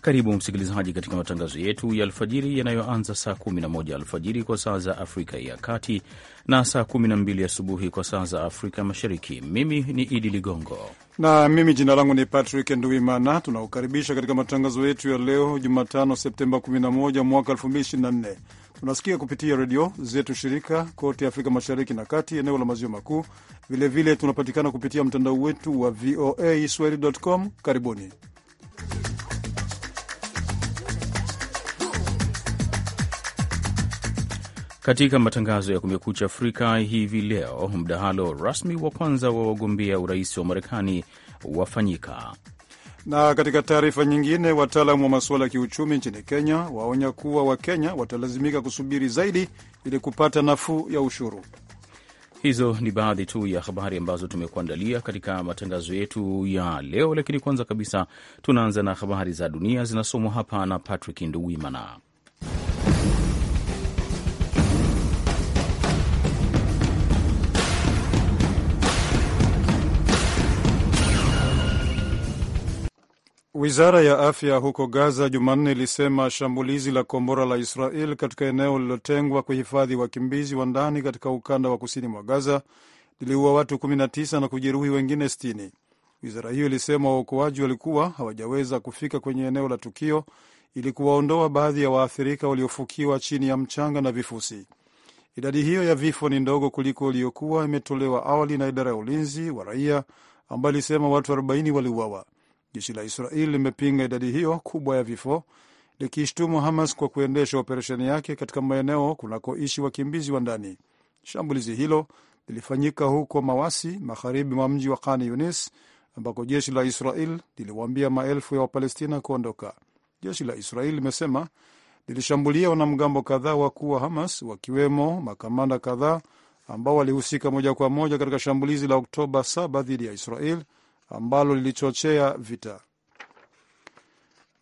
Karibu msikilizaji katika matangazo yetu ya alfajiri yanayoanza saa 11 alfajiri kwa saa za Afrika ya Kati na saa 12 asubuhi kwa saa za Afrika Mashariki. Mimi ni Idi Ligongo na mimi jina langu ni Patrick Nduimana. Tunakukaribisha katika matangazo yetu ya leo Jumatano, Septemba 11 mwaka 2024. Tunasikia kupitia redio zetu shirika kote Afrika Mashariki na Kati, eneo la Maziwa Makuu. Vilevile tunapatikana kupitia mtandao wetu wa VOA Swahili.com. Karibuni. Katika matangazo ya Kumekucha Afrika hivi leo, mdahalo rasmi wa kwanza wa wagombea urais wa Marekani wafanyika. Na katika taarifa nyingine, wataalamu wa masuala ya kiuchumi nchini Kenya waonya kuwa Wakenya watalazimika kusubiri zaidi ili kupata nafuu ya ushuru. Hizo ni baadhi tu ya habari ambazo tumekuandalia katika matangazo yetu ya leo, lakini kwanza kabisa tunaanza na habari za dunia zinasomwa hapa na Patrick Nduwimana. Wizara ya afya huko Gaza Jumanne ilisema shambulizi la kombora la Israel katika eneo lililotengwa kuhifadhi wakimbizi wa ndani katika ukanda wa kusini mwa Gaza liliua watu 19 na kujeruhi wengine 60. Wizara hiyo ilisema waokoaji walikuwa hawajaweza kufika kwenye eneo la tukio ili kuwaondoa baadhi ya waathirika waliofukiwa chini ya mchanga na vifusi. Idadi hiyo ya vifo ni ndogo kuliko iliyokuwa imetolewa awali na idara ya ulinzi wa raia ambayo ilisema watu 40 waliuawa. Jeshi la Israeli limepinga idadi hiyo kubwa ya vifo likishtumu Hamas kwa kuendesha operesheni yake katika maeneo kunakoishi wakimbizi wa ndani. Shambulizi hilo lilifanyika huko Mawasi, magharibi mwa mji wa Khan Yunis, ambako jeshi la Israel liliwaambia maelfu ya Wapalestina kuondoka. Jeshi la Israel limesema lilishambulia wanamgambo kadhaa wakuu wa Hamas, wakiwemo makamanda kadhaa ambao walihusika moja kwa moja katika shambulizi la Oktoba 7 dhidi ya Israel ambalo lilichochea vita.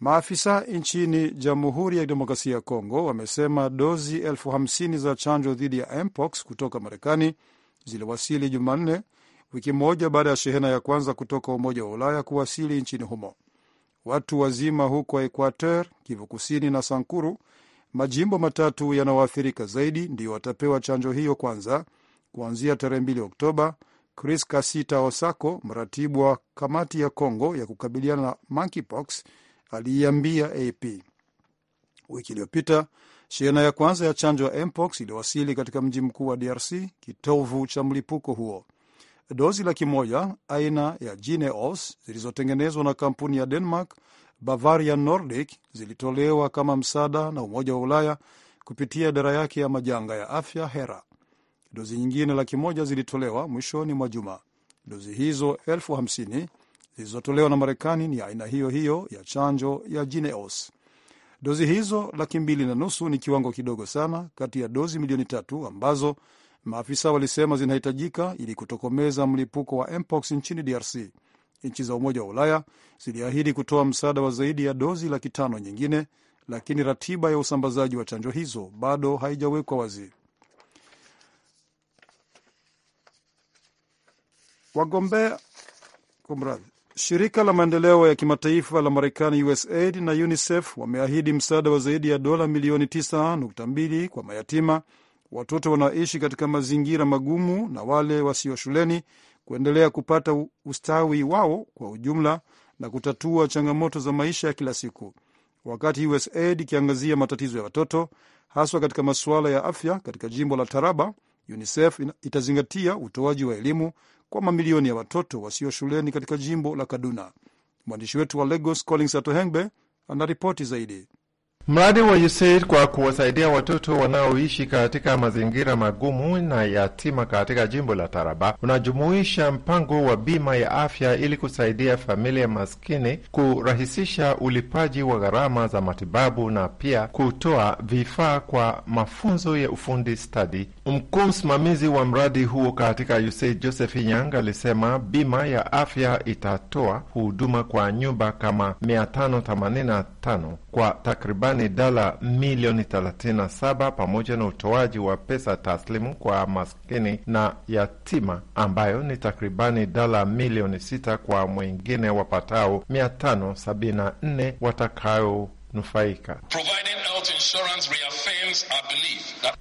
Maafisa nchini Jamhuri ya Kidemokrasia ya Kongo wamesema dozi elfu hamsini za chanjo dhidi ya mpox kutoka Marekani ziliwasili Jumanne, wiki moja baada ya shehena ya kwanza kutoka Umoja wa Ulaya kuwasili nchini humo. Watu wazima huko Equateur, Kivu Kusini na Sankuru, majimbo matatu yanayoathirika zaidi, ndiyo watapewa chanjo hiyo kwanza kuanzia tarehe 2 Oktoba, Chris Kasita Osako, mratibu wa kamati ya congo ya kukabiliana na monkeypox, aliiambia AP. Wiki iliyopita shehena ya kwanza ya chanjo ya mpox iliwasili katika mji mkuu wa DRC, kitovu cha mlipuko huo. Dozi laki moja aina ya Jynneos zilizotengenezwa na kampuni ya Denmark Bavaria Nordic zilitolewa kama msaada na Umoja wa Ulaya kupitia idara yake ya majanga ya afya HERA. Dozi nyingine laki moja zilitolewa mwishoni mwa juma. Dozi hizo elfu hamsini zilizotolewa na Marekani ni aina hiyo hiyo ya chanjo ya Jineos. Dozi hizo laki mbili na nusu ni kiwango kidogo sana kati ya dozi milioni tatu ambazo maafisa walisema zinahitajika ili kutokomeza mlipuko wa mpox nchini DRC. Nchi za Umoja wa Ulaya ziliahidi kutoa msaada wa zaidi ya dozi laki tano nyingine, lakini ratiba ya usambazaji wa chanjo hizo bado haijawekwa wazi. Wagombea kumradhi. Shirika la maendeleo ya kimataifa la Marekani, USAID na UNICEF wameahidi msaada wa zaidi ya dola milioni 9.2 kwa mayatima, watoto wanaoishi katika mazingira magumu na wale wasio shuleni kuendelea kupata ustawi wao kwa ujumla na kutatua changamoto za maisha ya kila siku, wakati USAID ikiangazia matatizo ya watoto haswa katika masuala ya afya katika jimbo la Taraba, UNICEF itazingatia utoaji wa elimu kwa mamilioni ya watoto wasio shuleni katika jimbo la Kaduna. Mwandishi wetu wa Lagos Collins Atohengbe anaripoti zaidi. Mradi wa USAID kwa kuwasaidia watoto wanaoishi katika mazingira magumu na yatima katika jimbo la Taraba unajumuisha mpango wa bima ya afya ili kusaidia familia maskini kurahisisha ulipaji wa gharama za matibabu na pia kutoa vifaa kwa mafunzo ya ufundi stadi. Mkuu msimamizi wa mradi huo katika USAID Joseph Inyang alisema bima ya afya itatoa huduma kwa nyumba kama 585 kwa takribani dola milioni 37 pamoja na utoaji wa pesa taslimu kwa maskini na yatima ambayo ni takribani dola milioni 6 kwa mwingine wapatao 574 watakayo kunufaika.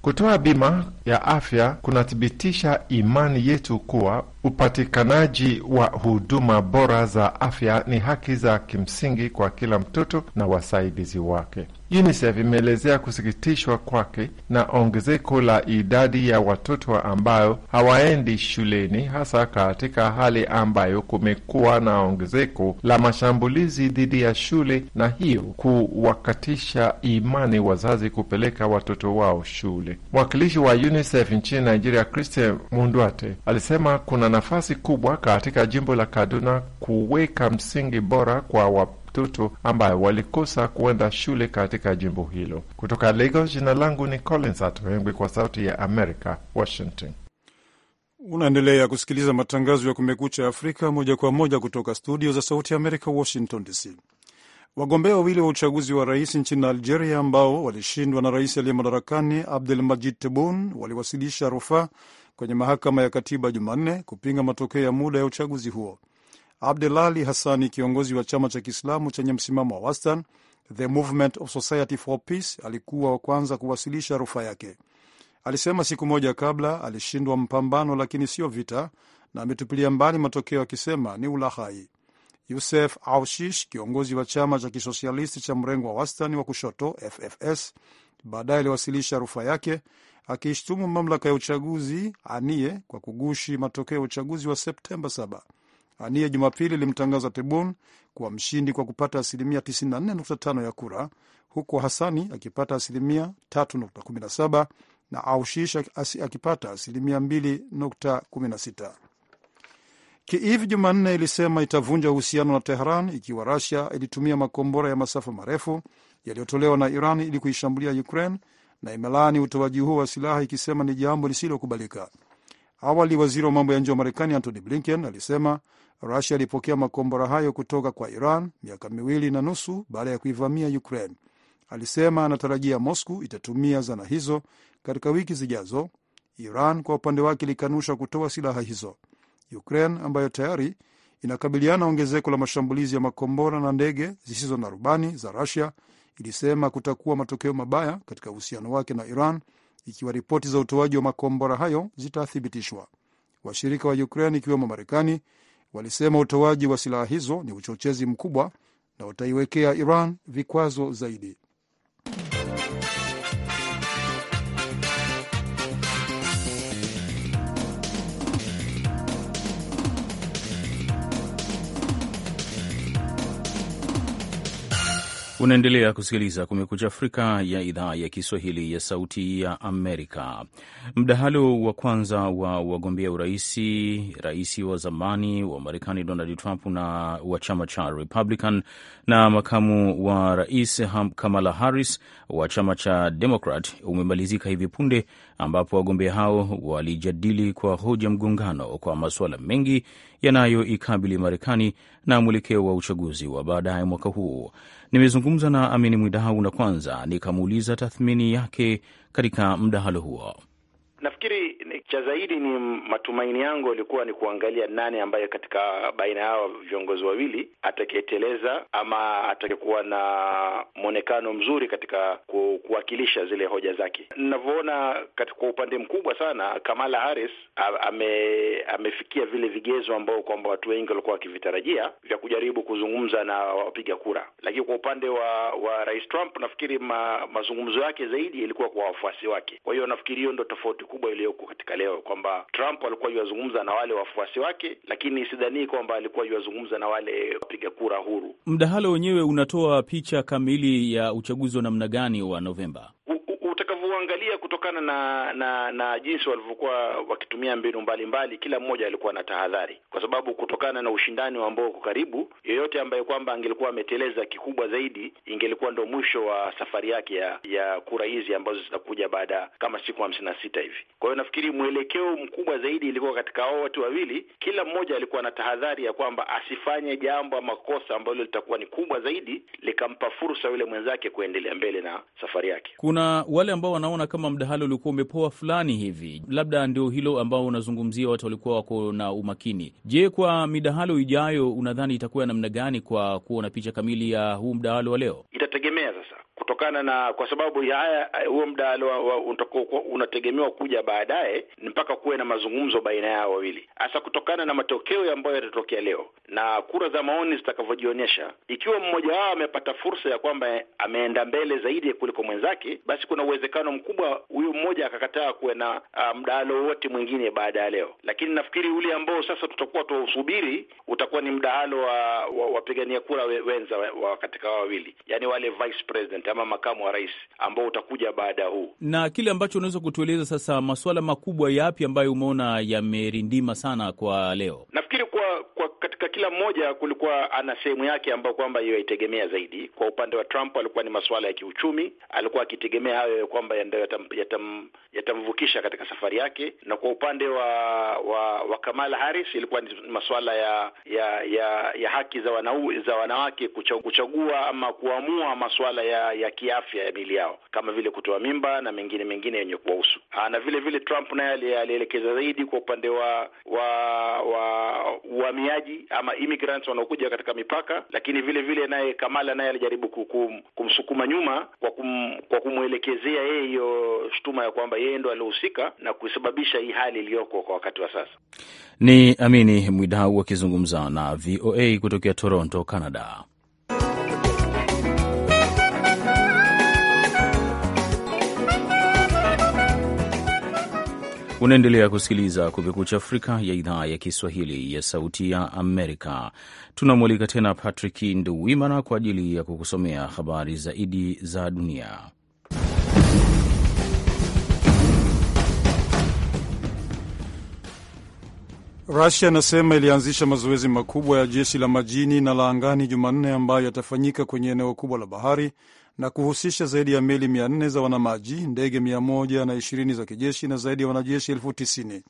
Kutoa bima ya afya kunathibitisha imani yetu kuwa upatikanaji wa huduma bora za afya ni haki za kimsingi kwa kila mtoto na wasaidizi wake. UNICEF imeelezea kusikitishwa kwake na ongezeko la idadi ya watoto ambayo hawaendi shuleni, hasa katika hali ambayo kumekuwa na ongezeko la mashambulizi dhidi ya shule, na hiyo kuwakatisha imani wazazi kupeleka watoto wao shule. Mwakilishi wa UNICEF nchini Nigeria, Christian Mundwate, alisema kuna nafasi kubwa katika jimbo la Kaduna kuweka msingi bora kwa watoto ambayo walikosa kuenda shule katika jimbo hilo. Kutoka Lagos, jina langu ni Collins Atoengwi kwa Sauti ya Amerika, Washington. Unaendelea kusikiliza matangazo ya Kumekucha Afrika moja kwa moja kutoka studio za Sauti ya Amerika, Washington DC. Wagombea wawili wa uchaguzi wa rais nchini Algeria ambao walishindwa na rais aliye madarakani Abdel Majid Tebboune waliwasilisha rufaa kwenye mahakama ya katiba Jumanne kupinga matokeo ya muda ya uchaguzi huo. Abdelali Hassani, kiongozi wa chama cha Kiislamu chenye msimamo wa wastani The Movement of Society for Peace, alikuwa wa kwanza kuwasilisha rufaa yake. Alisema siku moja kabla alishindwa mpambano, lakini sio vita, na ametupilia mbali matokeo akisema ni ulaghai. Yusef Aushish, kiongozi wa chama cha kisosialisti cha mrengo wa wastani wa kushoto FFS, baadaye aliwasilisha rufaa yake akiishtumu mamlaka ya uchaguzi anie kwa kugushi matokeo ya uchaguzi wa Septemba 7 ania Jumapili ilimtangaza Tebun kuwa mshindi kwa kupata asilimia 94.5 ya kura, huku Hasani akipata asilimia 3.17 na Aushish akipata asilimia 2.16. Kiiv Jumanne ilisema itavunja uhusiano na Tehran ikiwa Rusia ilitumia makombora ya masafa marefu yaliyotolewa na Iran ili kuishambulia Ukraine na imelaani utoaji huo wa silaha ikisema ni jambo lisilokubalika. Awali waziri wa mambo ya nje wa Marekani Antony Blinken alisema Rusia ilipokea makombora hayo kutoka kwa Iran miaka miwili na nusu baada ya kuivamia Ukraine. Alisema anatarajia Moscow itatumia zana hizo katika wiki zijazo. Iran kwa upande wake ilikanusha kutoa silaha hizo. Ukraine ambayo tayari inakabiliana ongezeko la mashambulizi ya makombora na ndege zisizo na rubani za Rusia ilisema kutakuwa matokeo mabaya katika uhusiano wake na Iran ikiwa ripoti za utoaji wa makombora hayo zitathibitishwa. Washirika wa Ukraine ikiwemo Marekani walisema utoaji wa silaha hizo ni uchochezi mkubwa na utaiwekea Iran vikwazo zaidi. Unaendelea kusikiliza Kumekucha Afrika ya idhaa ya Kiswahili ya Sauti ya Amerika. Mdahalo wa kwanza wa wagombea uraisi, rais wa zamani wa Marekani Donald Trump na wa chama cha Republican na makamu wa rais Kamala Harris wa chama cha Democrat umemalizika hivi punde, ambapo wagombea hao walijadili kwa hoja mgongano kwa masuala mengi yanayoikabili Marekani na mwelekeo wa uchaguzi wa baadaye mwaka huu. Nimezungumza na Amini Mwidau na kwanza nikamuuliza tathmini yake katika mdahalo huo. Nafikiri cha zaidi ni matumaini yangu yalikuwa ni kuangalia nani ambaye katika baina yao viongozi wawili atakayeteleza ama atakayekuwa na mwonekano mzuri katika ku, kuwakilisha zile hoja zake. Ninavyoona kwa upande mkubwa sana Kamala Harris ame, amefikia vile vigezo ambao kwamba watu wengi walikuwa wakivitarajia vya kujaribu kuzungumza na wapiga kura, lakini kwa upande wa wa Rais Trump nafikiri ma, mazungumzo yake zaidi yalikuwa kwa wafuasi wake. Kwa hiyo nafikiri hiyo ndo tofauti kubwa iliyoko katika leo kwamba Trump alikuwa yuwazungumza na wale wafuasi wake, lakini sidhanii kwamba alikuwa yuwazungumza na wale wapiga kura huru. Mdahalo wenyewe unatoa picha kamili ya uchaguzi wa namna gani wa Novemba? kuangalia kutokana na na, na jinsi walivyokuwa wakitumia mbinu mbalimbali, kila mmoja alikuwa na tahadhari, kwa sababu kutokana na ushindani ambao uko karibu, yeyote ambaye kwamba angelikuwa ameteleza kikubwa zaidi, ingelikuwa ndo mwisho wa safari yake ya, ya kura hizi ambazo zitakuja baada kama siku hamsini na sita hivi. Kwa hiyo nafikiri mwelekeo mkubwa zaidi ilikuwa katika hao watu wawili, kila mmoja alikuwa na tahadhari ya kwamba asifanye jambo ama kosa ambalo litakuwa ni kubwa zaidi likampa fursa yule mwenzake kuendelea mbele na safari yake. Kuna wale ambao wana wanaona kama mdahalo ulikuwa umepoa fulani hivi, labda ndio hilo ambao unazungumzia, watu walikuwa wako na umakini. Je, kwa midahalo ijayo unadhani itakuwa namna gani, kwa kuona picha kamili ya huu mdahalo wa leo? Itategemea sasa kutokana na kwa sababu ya haya huo muda unategemewa kuja baadaye, mpaka kuwe na mazungumzo baina yao wawili hasa kutokana na matokeo ambayo yatatokea leo na kura za maoni zitakavyojionyesha. Ikiwa mmoja wao amepata fursa ya kwamba ameenda mbele zaidi kuliko mwenzake, basi kuna uwezekano mkubwa huyu mmoja akakataa kuwe na mdahalo wote mwingine baada ya leo. Lakini nafikiri ule ambao sasa tutakuwa tuwausubiri utakuwa ni mdahalo wa wapigania wa kura wenza wa, wa katika wawili, yani wale vice president kama makamu wa rais ambao utakuja baada ya huu. Na kile ambacho unaweza kutueleza sasa, masuala makubwa yapi ambayo umeona yamerindima sana kwa leo? Nafikiri kwa, kwa katika kila mmoja kulikuwa ana sehemu yake ambayo kwamba hiyo yaitegemea zaidi. Kwa upande wa Trump alikuwa ni masuala ya kiuchumi, alikuwa akitegemea hayo kwamba ndio yatamvukisha yatam, katika safari yake, na kwa upande wa wa, wa Kamala Harris ilikuwa ni masuala ya ya ya, ya haki za, wanau, za wanawake kuchagua ama kuamua masuala ya, ya kiafya ya miili yao kama vile kutoa mimba na mengine mengine yenye kuwahusu, ah, na vile vile Trump naye alielekeza zaidi kwa upande wa wa uhamiaji wa ama immigrants wanaokuja katika mipaka, lakini vile vile naye Kamala naye alijaribu kukum, kumsukuma nyuma kwa kum, kwa kumwelekezea yeye hiyo shutuma ya kwamba yeye ndo alihusika na kusababisha hii hali iliyoko kwa wakati wa sasa. Ni Amini Mwidau akizungumza na VOA kutokea Toronto, Canada. Unaendelea kusikiliza Kumekucha Afrika ya idhaa ya Kiswahili ya Sauti ya Amerika. Tunamwalika tena Patrick Nduwimana kwa ajili ya kukusomea habari zaidi za dunia. Rusia inasema ilianzisha mazoezi makubwa ya jeshi la majini na la angani Jumanne ambayo yatafanyika kwenye eneo kubwa la bahari na kuhusisha zaidi ya meli 400 za wanamaji, ndege 120 za kijeshi na zaidi ya wanajeshi elfu tisini.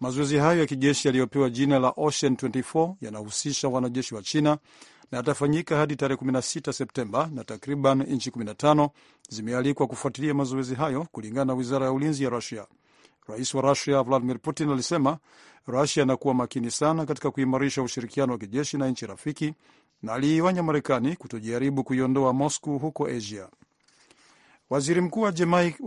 Mazoezi hayo ya kijeshi yaliyopewa jina la Ocean 24 yanahusisha wanajeshi wa China na yatafanyika hadi tarehe 16 Septemba, na takriban nchi 15 zimealikwa kufuatilia mazoezi hayo, kulingana na wizara ya ulinzi ya Rusia. Rais wa Rusia Vladimir Putin alisema Rusia inakuwa makini sana katika kuimarisha ushirikiano wa kijeshi na nchi rafiki na aliionya Marekani kutojaribu kuiondoa Moscow huko Asia. Waziri mkuu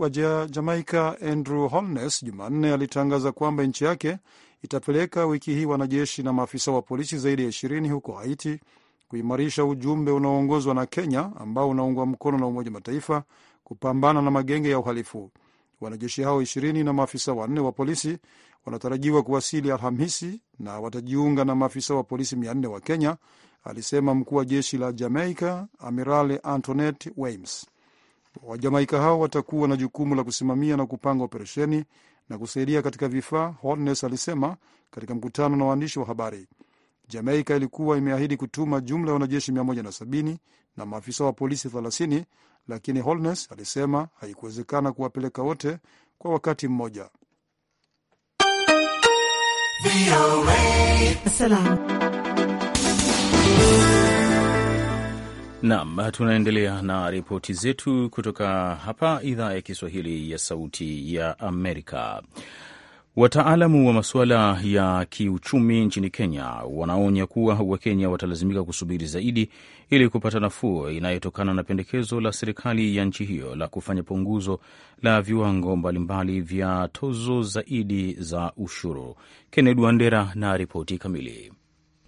wa Jamaika Andrew Holness Jumanne alitangaza kwamba nchi yake itapeleka wiki hii wanajeshi na maafisa wa polisi zaidi ya ishirini huko Haiti kuimarisha ujumbe unaoongozwa na Kenya ambao unaungwa mkono na Umoja Mataifa kupambana na magenge ya uhalifu. Wanajeshi hao ishirini na maafisa wanne wa polisi wanatarajiwa kuwasili Alhamisi na watajiunga na maafisa wa polisi mia nne wa Kenya alisema mkuu wa jeshi la Jamaica amiral Antoinette Waimes. Wajamaika hao watakuwa na jukumu la kusimamia na kupanga operesheni na kusaidia katika vifaa, Holness alisema katika mkutano na waandishi wa habari. Jamaica ilikuwa imeahidi kutuma jumla ya wanajeshi 170 na maafisa wa polisi 30, lakini Holness alisema haikuwezekana kuwapeleka wote kwa wakati mmoja. Salam. Nam, tunaendelea na ripoti zetu kutoka hapa idhaa ya Kiswahili ya Sauti ya Amerika. Wataalamu wa masuala ya kiuchumi nchini Kenya wanaonya kuwa Wakenya watalazimika kusubiri zaidi ili kupata nafuu inayotokana na pendekezo la serikali ya nchi hiyo la kufanya punguzo la viwango mbalimbali vya tozo zaidi za ushuru. Kennedy Wandera na ripoti kamili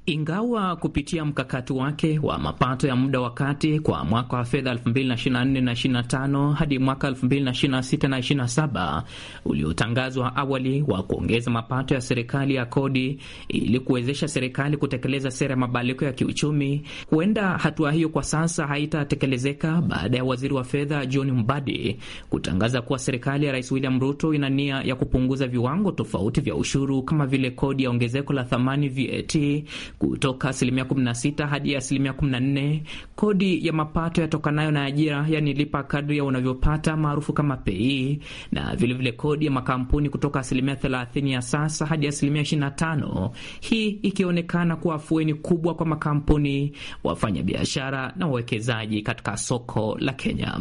ingawa kupitia mkakati wake wa mapato ya muda wa kati kwa mwaka wa fedha 2024 na 25 hadi mwaka 2026 na 27 uliotangazwa awali wa kuongeza mapato ya serikali ya kodi ili kuwezesha serikali kutekeleza sera ya mabadiliko ya kiuchumi, huenda hatua hiyo kwa sasa haitatekelezeka baada ya waziri wa fedha John Mbadi kutangaza kuwa serikali ya Rais William Ruto ina nia ya kupunguza viwango tofauti vya ushuru kama vile kodi ya ongezeko la thamani VAT kutoka asilimia 16 hadi asilimia 14. Kodi ya mapato yatokanayo na ajira, yani lipa kadri ya unavyopata maarufu kama pei, na vilevile vile kodi ya makampuni kutoka asilimia 30 ya sasa hadi asilimia 25, hii ikionekana kuwa afueni kubwa kwa makampuni, wafanyabiashara na wawekezaji katika soko la Kenya.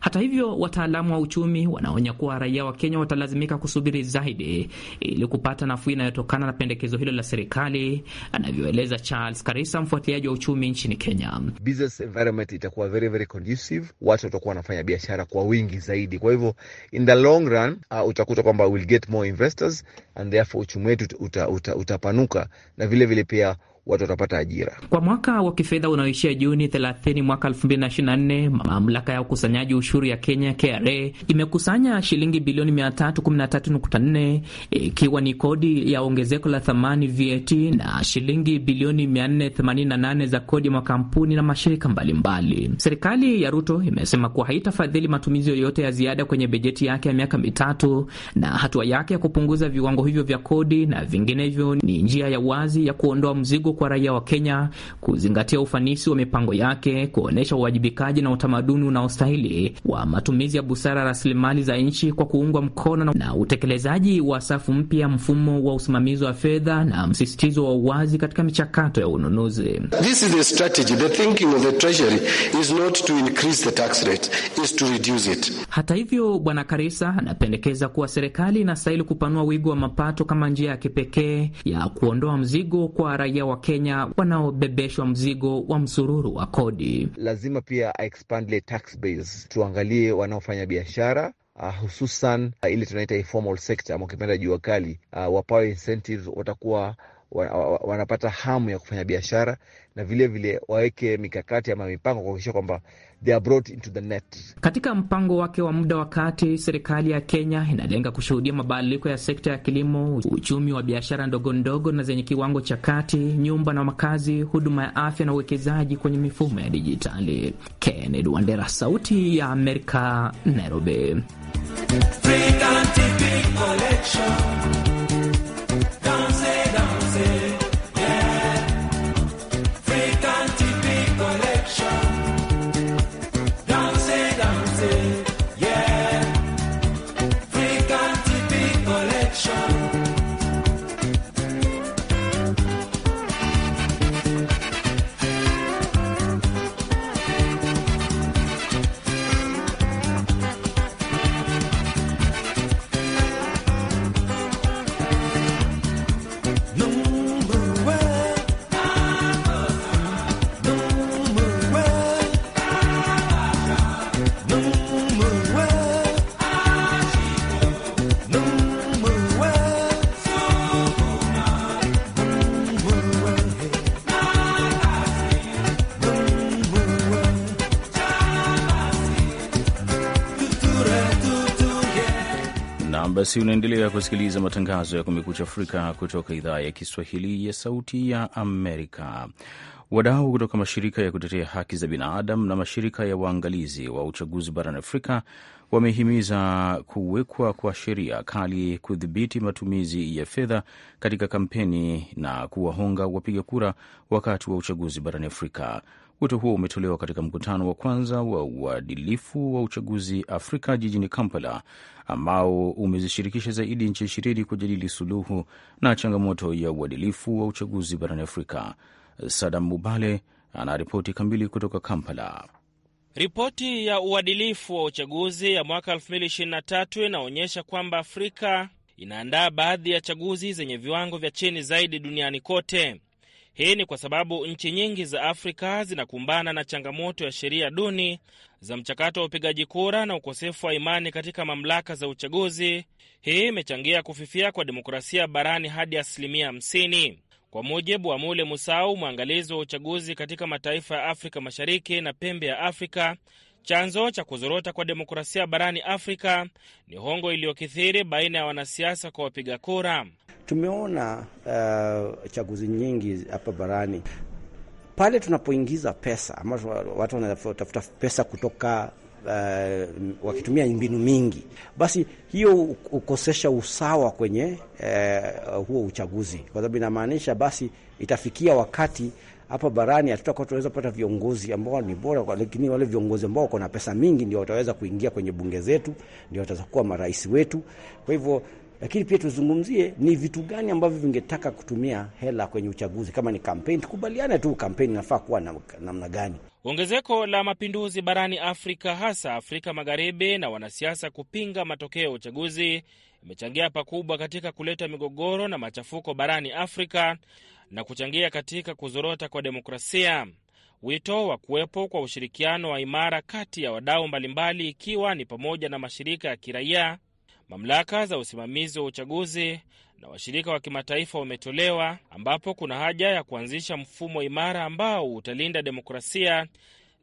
Hata hivyo, wataalamu wa uchumi wanaonya kuwa raia wa Kenya watalazimika kusubiri zaidi ili kupata nafuu inayotokana na pendekezo hilo la serikali anavyo anavyoeleza Charles Karisa, mfuatiliaji wa uchumi nchini Kenya. Business environment itakuwa very, very conducive, watu watakuwa wanafanya biashara kwa wingi zaidi. Kwa hivyo in the long run uh, utakuta kwamba we'll get more investors and therefore uchumi wetu utapanuka uta, uta, utapanuka na vilevile vile pia watu watapata ajira. Kwa mwaka wa kifedha unaoishia Juni 30 mwaka 2024, mamlaka ya ukusanyaji ushuru ya Kenya KRA imekusanya shilingi bilioni 313.4 ikiwa ni kodi ya ongezeko la thamani VAT na shilingi bilioni 488 za kodi ya makampuni na mashirika mbalimbali mbali. Serikali ya Ruto imesema kuwa haitafadhili matumizi yoyote ya ziada kwenye bajeti yake ya miaka mitatu, na hatua yake ya kupunguza viwango hivyo vya kodi na vinginevyo ni njia ya wazi ya kuondoa mzigo kwa raia wa Kenya kuzingatia ufanisi wa mipango yake, kuonyesha uwajibikaji na utamaduni unaostahili wa matumizi ya busara rasilimali za nchi kwa kuungwa mkono na utekelezaji wa safu mpya, mfumo wa usimamizi wa fedha na msisitizo wa uwazi katika michakato ya ununuzi. This is the strategy. The thinking of the treasury is not to increase the tax rate, is to reduce it. Hata hivyo, Bwana Karisa anapendekeza kuwa serikali inastahili kupanua wigo wa mapato kama njia ya kipekee ya kuondoa mzigo kwa raia wa Wakenya wanaobebeshwa mzigo wa msururu wa kodi. Lazima pia expand tax base, tuangalie wanaofanya biashara Uh, hususan uh, ile tunaita informal sector ama ukipenda jua kali uh, ah, wapawe incentives, watakuwa wanapata hamu ya kufanya biashara na vilevile vile waweke mikakati ama mipango kuhakikisha kwamba they are brought into the net. Katika mpango wake wa muda wa kati, serikali ya Kenya inalenga kushuhudia mabadiliko ya sekta ya kilimo, uchumi wa biashara ndogo ndogo na zenye kiwango cha kati, nyumba na makazi, huduma ya afya na uwekezaji kwenye mifumo ya dijitali. Kennedy Wandera, Sauti ya Amerika, Nairobi. Basi unaendelea kusikiliza matangazo ya Kumekucha Afrika kutoka idhaa ya Kiswahili ya Sauti ya Amerika. Wadau kutoka mashirika ya kutetea haki za binadamu na mashirika ya waangalizi wa uchaguzi barani Afrika wamehimiza kuwekwa kwa sheria kali kudhibiti matumizi ya fedha katika kampeni na kuwahonga wapiga kura wakati wa uchaguzi barani Afrika. Wito huo umetolewa katika mkutano wa kwanza wa uadilifu wa uchaguzi Afrika jijini Kampala, ambao umezishirikisha zaidi nchi ishirini kujadili suluhu na changamoto ya uadilifu wa uchaguzi barani Afrika. Sadam Mubale anaripoti kamili kutoka Kampala. Ripoti ya uadilifu wa uchaguzi ya mwaka 2023 inaonyesha kwamba Afrika inaandaa baadhi ya chaguzi zenye viwango vya chini zaidi duniani kote. Hii ni kwa sababu nchi nyingi za Afrika zinakumbana na changamoto ya sheria duni za mchakato wa upigaji kura na ukosefu wa imani katika mamlaka za uchaguzi. Hii imechangia kufifia kwa demokrasia barani hadi asilimia 50. Kwa mujibu wa Mule Musau, mwangalizi wa uchaguzi katika mataifa ya Afrika Mashariki na pembe ya Afrika, Chanzo cha kuzorota kwa demokrasia barani Afrika ni hongo iliyokithiri baina ya wanasiasa kwa wapiga kura. Tumeona uh, chaguzi nyingi hapa barani pale tunapoingiza pesa ama watu wanatafuta pesa kutoka uh, wakitumia mbinu mingi, basi hiyo ukosesha usawa kwenye uh, huo uchaguzi, kwa sababu inamaanisha basi itafikia wakati hapa barani hatutakuwa tunaweza kupata viongozi ambao ni bora, lakini wale viongozi ambao wako na pesa mingi ndio wataweza kuingia kwenye bunge zetu, ndio wataweza kuwa marais wetu. Kwa hivyo lakini pia tuzungumzie ni vitu gani ambavyo vingetaka kutumia hela kwenye uchaguzi. Kama ni kampeni, tukubaliane tu kampeni inafaa kuwa namna na gani. Ongezeko la mapinduzi barani Afrika, hasa Afrika Magharibi, na wanasiasa kupinga matokeo ya uchaguzi imechangia pakubwa katika kuleta migogoro na machafuko barani Afrika na kuchangia katika kuzorota kwa demokrasia. Wito wa kuwepo kwa ushirikiano wa imara kati ya wadau mbalimbali, ikiwa ni pamoja na mashirika ya kiraia, mamlaka za usimamizi wa uchaguzi, na washirika wa kimataifa umetolewa, ambapo kuna haja ya kuanzisha mfumo imara ambao utalinda demokrasia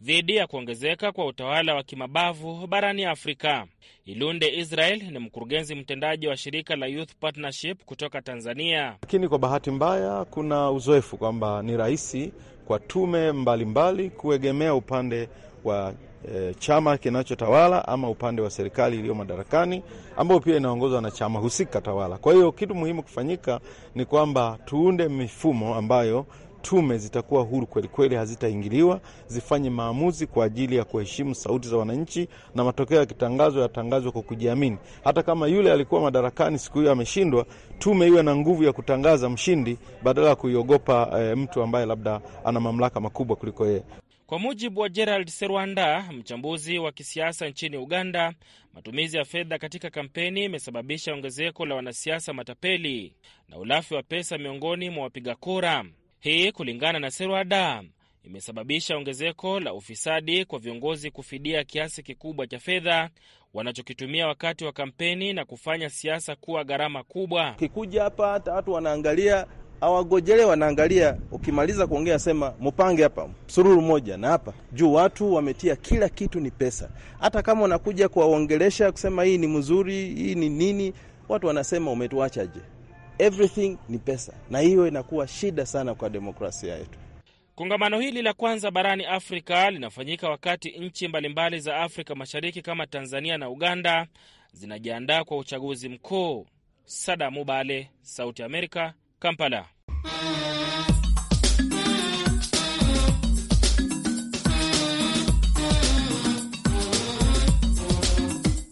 dhidi ya kuongezeka kwa utawala wa kimabavu barani Afrika. Ilunde Israel ni mkurugenzi mtendaji wa shirika la Youth Partnership kutoka Tanzania. Lakini kwa bahati mbaya, kuna uzoefu kwamba ni rahisi kwa tume mbalimbali kuegemea upande wa e, chama kinachotawala ama upande wa serikali iliyo madarakani ambayo pia inaongozwa na chama husika tawala. Kwa hiyo kitu muhimu kufanyika ni kwamba tuunde mifumo ambayo tume zitakuwa huru kwelikweli, hazitaingiliwa, zifanye maamuzi kwa ajili ya kuheshimu sauti za wananchi, na matokeo yakitangazwa yatangazwe kwa kujiamini. Hata kama yule alikuwa madarakani siku hiyo ameshindwa, tume iwe na nguvu ya kutangaza mshindi badala ya kuiogopa e, mtu ambaye labda ana mamlaka makubwa kuliko yeye. Kwa mujibu wa Gerald Serwanda, mchambuzi wa kisiasa nchini Uganda, matumizi ya fedha katika kampeni imesababisha ongezeko la wanasiasa matapeli na ulafi wa pesa miongoni mwa wapiga kura. Hii kulingana na Serwanda imesababisha ongezeko la ufisadi kwa viongozi kufidia kiasi kikubwa cha fedha wanachokitumia wakati wa kampeni na kufanya siasa kuwa gharama kubwa. Ukikuja hapa hata watu wanaangalia hawagojele wanaangalia. Ukimaliza kuongea sema mupange hapa msururu moja na hapa juu. Watu wametia kila kitu, ni pesa. Hata kama unakuja kuwaongelesha kusema hii ni mzuri, hii ni nini, watu wanasema umetuachaje? Everything ni pesa, na hiyo inakuwa shida sana kwa demokrasia yetu. Kongamano hili la kwanza barani Afrika linafanyika wakati nchi mbalimbali za Afrika Mashariki kama Tanzania na Uganda zinajiandaa kwa uchaguzi mkuu. Sada Mubale, Sauti Amerika, Kampala.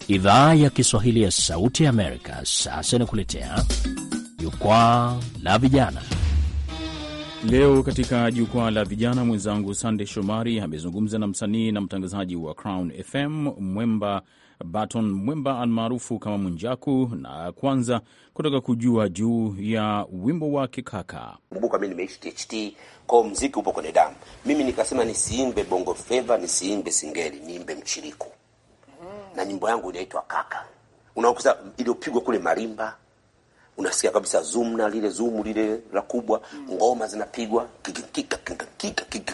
Idhaa ya Kiswahili ya Sauti ya Amerika sasa inakuletea jukwaa la vijana. Leo katika jukwaa la vijana, mwenzangu Sande Shomari amezungumza na msanii na mtangazaji wa Crown FM Mwemba Baton Mwemba almaarufu kama Munjaku, na kwanza kutaka kujua juu ya wimbo wake Kaka. Kumbuka mi nimeishi THT kwao, mziki upo kwenye damu. Mimi nikasema nisiimbe bongo fleva, nisiimbe singeli, niimbe mchiriku mm-hmm. na nyimbo yangu inaitwa Kaka, unakusa iliyopigwa kule Marimba unasikia kabisa zumna lile zumu lile la kubwa mm. ngoma zinapigwa kika kika kika kika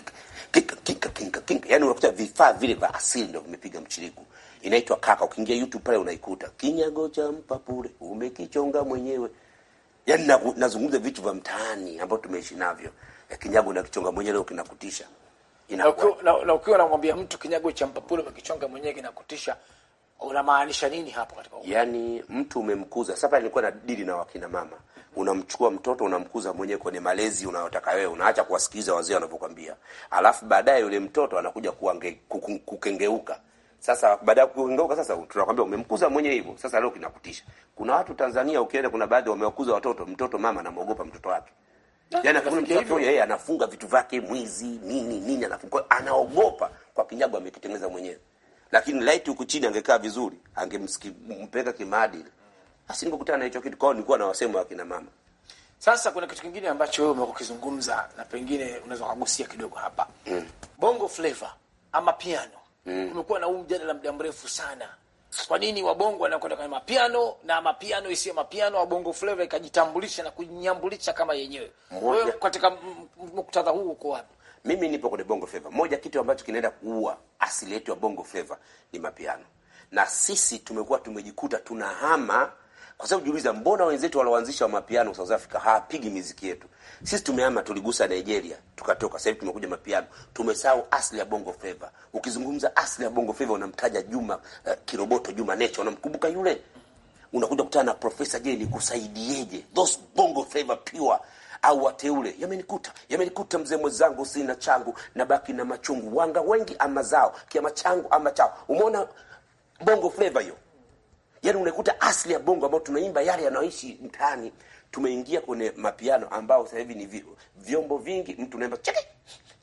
kika kika yani unakuta vifaa vile vya asili ndo vimepiga mchiriku inaitwa Kaka. Ukiingia YouTube pale unaikuta, kinyago cha mpapure umekichonga mwenyewe. Yani nazungumza vitu vya mtaani ambao tumeishi navyo, ya kinyago unakichonga mwenyewe, leo kinakutisha. Na ukiwa namwambia mtu kinyago cha mpapure umekichonga mwenyewe kinakutisha, unamaanisha nini hapo katika umu? Yani mtu umemkuza. Sasa nilikuwa na dili na wakina mama, unamchukua mtoto unamkuza mwenyewe kwenye malezi unayotaka wewe, unaacha kuwasikiliza wazee wanavyokwambia, alafu baadaye yule mtoto anakuja kukengeuka sasa baada ya kuondoka sasa tunakwambia umemkuza mwenye hivyo. Sasa leo kinakutisha. Kuna watu Tanzania ukienda, kuna baadhi wamewakuza watoto, mtoto mama anamuogopa mtoto wake. Yaani kuna mtoto mmoja yeye anafunga vitu vyake mwizi, nini nini anafunga, anaogopa kwa kinyago amekitengeneza mwenyewe. Lakini laiti huku chini angekaa vizuri, angempeka kimaadili. Asingekutana na hicho kitu. Kwao nilikuwa na wasemo wa kina mama. Sasa kuna kitu kingine ambacho wewe umekuwa ukizungumza na pengine unaweza kugusia kidogo hapa. Mm. Bongo flavor ama piano mm. Kumekuwa na huu mjadala muda mrefu sana, kwa nini wabongo wanakwenda kwenye mapiano na mapiano isiyo mapiano, wabongo flava ikajitambulisha na kunyambulisha kama yenyewe. Wewe katika muktadha huu uko wapi? Mimi nipo kwenye bongo flava. Moja kitu ambacho kinaenda kuua asili yetu ya bongo fleva ni mapiano, na sisi tumekuwa tumejikuta tunahama kwa sababu jiuliza, mbona wenzetu walioanzisha wa mapiano South Africa hawapigi miziki yetu? Sisi tumeama tuligusa Nigeria, tukatoka, sasa hivi tumekuja mapiano. Tumesahau asili ya Bongo Flava. Ukizungumza asili ya Bongo Flava unamtaja Juma uh, Kiroboto, Juma Nature, unamkumbuka yule. Unakuja kutana na Profesa Je, nikusaidieje? Those Bongo Flava pure au wateule yamenikuta yamenikuta, mzee mwenzangu, sina changu na baki na machungu, wanga wengi ama zao, kiama changu ama chao. Umeona Bongo hiyo yani unakuta asili ya bongo ambayo tunaimba yale yanayoishi mtaani, tumeingia kwenye mapiano ambao sasa hivi ni vyombo vingi, mtu unaimba chiki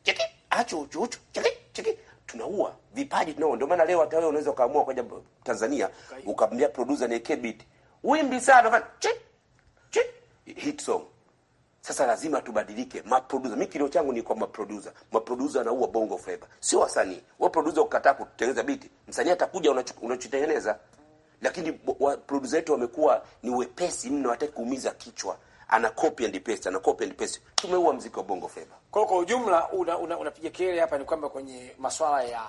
chiki acho ucho chiki chiki, tunaua vipaji tunao. Ndio maana leo hata wewe unaweza ukaamua kuja Tanzania ukamwambia producer ni Kebit, wimbi sana chiki chiki hit song sasa lazima tubadilike maproducer. Mimi kilio changu ni kwa maproducer. Maproducer anaua bongo flavor, sio wasanii. Wewe producer ukataa kutengeneza biti, msanii atakuja unachotengeneza. unachu lakini producer wetu wamekuwa ni wepesi mno, hataki kuumiza kichwa, ana copy and paste, ana copy and paste. Tumeua mziki wa Bongo Flava. Kwa kwa ujumla unapiga una, una kelele hapa ni kwamba kwenye masuala ya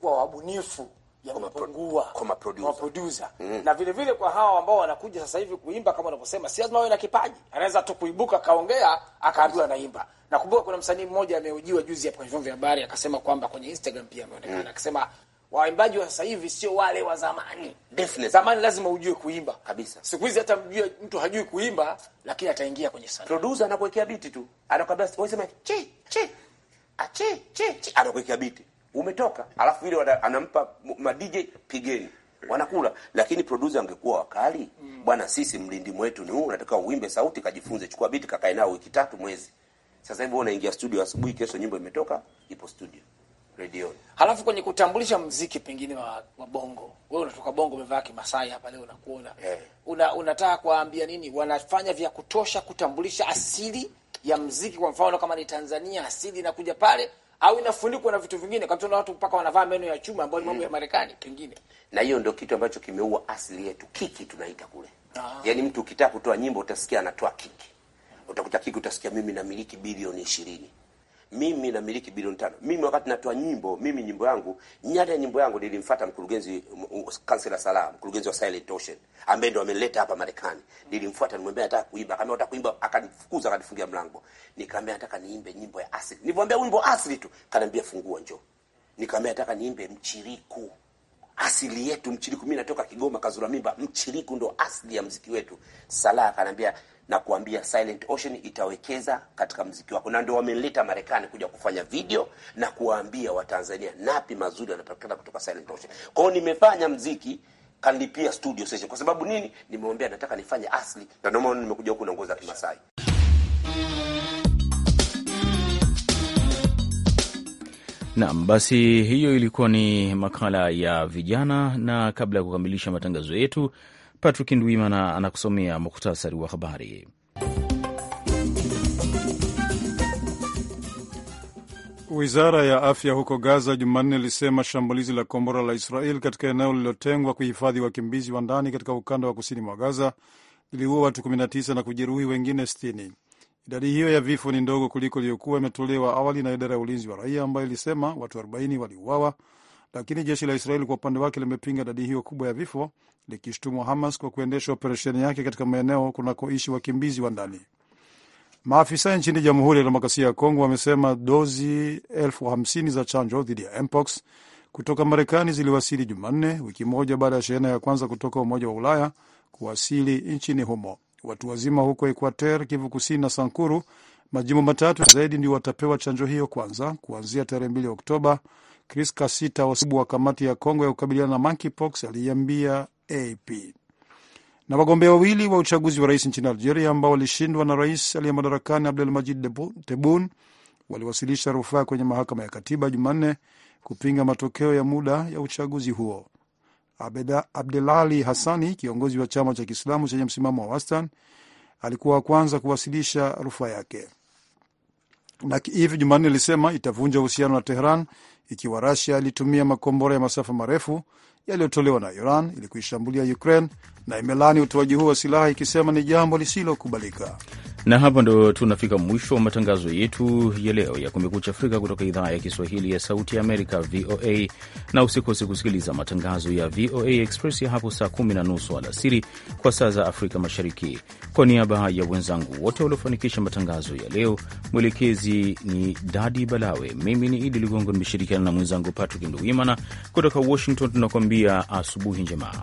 kwa wabunifu yamepungua kwa maproducer mm. na vile vile kwa hawa ambao wanakuja sasa hivi kuimba, kama unavyosema, si lazima awe na kipaji, anaweza tu kuibuka akaongea akaambiwa naimba. Nakumbuka kuna msanii mmoja ameujiwa juzi hapa kwenye vyombo vya habari akasema kwamba kwenye Instagram pia ameonekana mm. akisema Waimbaji wa sasa hivi sio wale wa zamani. Definitely. Zamani lazima ujue kuimba kabisa. Siku hizi hata mjue mtu hajui kuimba, lakini ataingia kwenye sanaa. Producer anakuwekea biti tu, anakwambia wewe sema chi che ache chi chi, anakuwekea biti umetoka, alafu ile anampa ma DJ pigeni wanakula lakini producer angekuwa wakali mm. Bwana, sisi mlindi mwetu ni huu, unataka uimbe sauti, kajifunze, chukua biti, kakae nao wiki tatu, mwezi. Sasa hivi unaingia studio asubuhi, kesho nyimbo imetoka, ipo studio redioni. Halafu kwenye kutambulisha mziki pengine wa, wa bongo, wewe unatoka Bongo, umevaa kimasai hapa leo nakuona yeah. Una, unataka kuwaambia nini? Wanafanya vya kutosha kutambulisha asili ya mziki? Kwa mfano kama ni Tanzania, asili inakuja pale au inafunikwa na vitu vingine, kama watu mpaka wanavaa meno ya chuma ambayo ni mambo ya mm. Marekani pengine, na hiyo ndio kitu ambacho kimeua asili yetu. Kiki tunaita kule ah. Yani mtu ukitaka kutoa nyimbo utasikia anatoa kiki, utakuta kiki, utasikia mimi namiliki bilioni ishirini mimi namiliki bilioni tano. Mimi wakati natoa nyimbo, mimi nyimbo yangu nyada ya nyimbo yangu nilimfuata mkurugenzi kansela Salam, mkurugenzi wa Silent Ocean ambaye ndo amenileta hapa Marekani. Nilimfuata, nimwambia nataka kuimba, kama nataka kuimba, akanifukuza akanifungia mlango. Nikamwambia nataka niimbe nyimbo ya asili, nilimwambia wimbo asili tu, kanaambia fungua, njoo. Nikamwambia nataka niimbe mchiriku asili yetu mchiriku. Mimi natoka Kigoma, Kazura Mimba, mchiriku ndo asili ya mziki wetu. Sala akanambia na kuambia Silent Ocean itawekeza katika mziki wako, na ndio wamenileta Marekani kuja kufanya video na kuwaambia Watanzania napi mazuri yanapatikana kutoka Silent Ocean. Kwa hiyo nimefanya mziki kanlipia studio session. Kwa sababu nini? Nimeombea nataka nifanye asli, na ndio maana nimekuja huku na nguo za Kimasai. Naam, basi hiyo ilikuwa ni makala ya vijana, na kabla ya kukamilisha matangazo yetu Patrick Ndwimana anakusomea muktasari wa habari. Wizara ya afya huko Gaza Jumanne ilisema shambulizi la kombora la Israel katika eneo lililotengwa kuhifadhi wakimbizi wa ndani katika ukanda wa kusini mwa Gaza liliua watu 19 na kujeruhi wengine 60. Idadi hiyo ya vifo ni ndogo kuliko iliyokuwa imetolewa awali na idara ya ulinzi wa raia ambayo ilisema watu 40 waliuawa lakini jeshi la Israeli kwa upande wake limepinga idadi hiyo kubwa ya vifo, likishtumu Hamas kwa kuendesha operesheni yake katika maeneo kunakoishi wakimbizi wa ndani. Maafisa nchini Jamhuri ya Demokrasia ya Kongo wamesema dozi elfu hamsini za chanjo dhidi ya mpox kutoka Marekani ziliwasili Jumanne, wiki moja baada ya shehena ya kwanza kutoka Umoja wa Ulaya kuwasili nchini humo. Watu wazima huko Ekuater, Kivu Kusini na Sankuru, majimbo matatu zaidi, ndio watapewa chanjo hiyo kwanza kuanzia tarehe 2 Oktoba, Chris Kasita, wasibu wa kamati ya Kongo ya kukabiliana na monkeypox, aliiambia AP. Na wagombea wawili wa uchaguzi wa rais nchini Algeria ambao walishindwa na rais aliye madarakani majid tebun waliwasilisha rufaa kwenye mahakama ya katiba Jumanne kupinga matokeo ya muda ya uchaguzi huo. Abdelali Hassani, kiongozi wa chama cha Kiislamu chenye msimamo wa wastan alikuwa wa kwanza kuwasilisha rufaa yake na Kiev Jumanne ilisema itavunja uhusiano na Tehran ikiwa rasia ilitumia makombora ya masafa marefu yaliyotolewa na Iran ili kuishambulia Ukraine na imelani utoaji huo wa silaha ikisema ni jambo lisilokubalika. Na hapa ndo tunafika mwisho wa matangazo yetu ya leo ya Kumekucha Afrika kutoka idhaa ya Kiswahili ya Sauti ya Amerika, VOA. Na usikose kusikiliza matangazo ya VOA Express ya hapo saa kumi na nusu alasiri kwa saa za Afrika Mashariki. Kwa niaba ya wenzangu wote waliofanikisha matangazo ya leo, mwelekezi ni Dadi Balawe, mimi ni Idi Ligongo, nimeshirikiana na mwenzangu Patrick Nduwimana kutoka Washington. Tunakuambia asubuhi njema.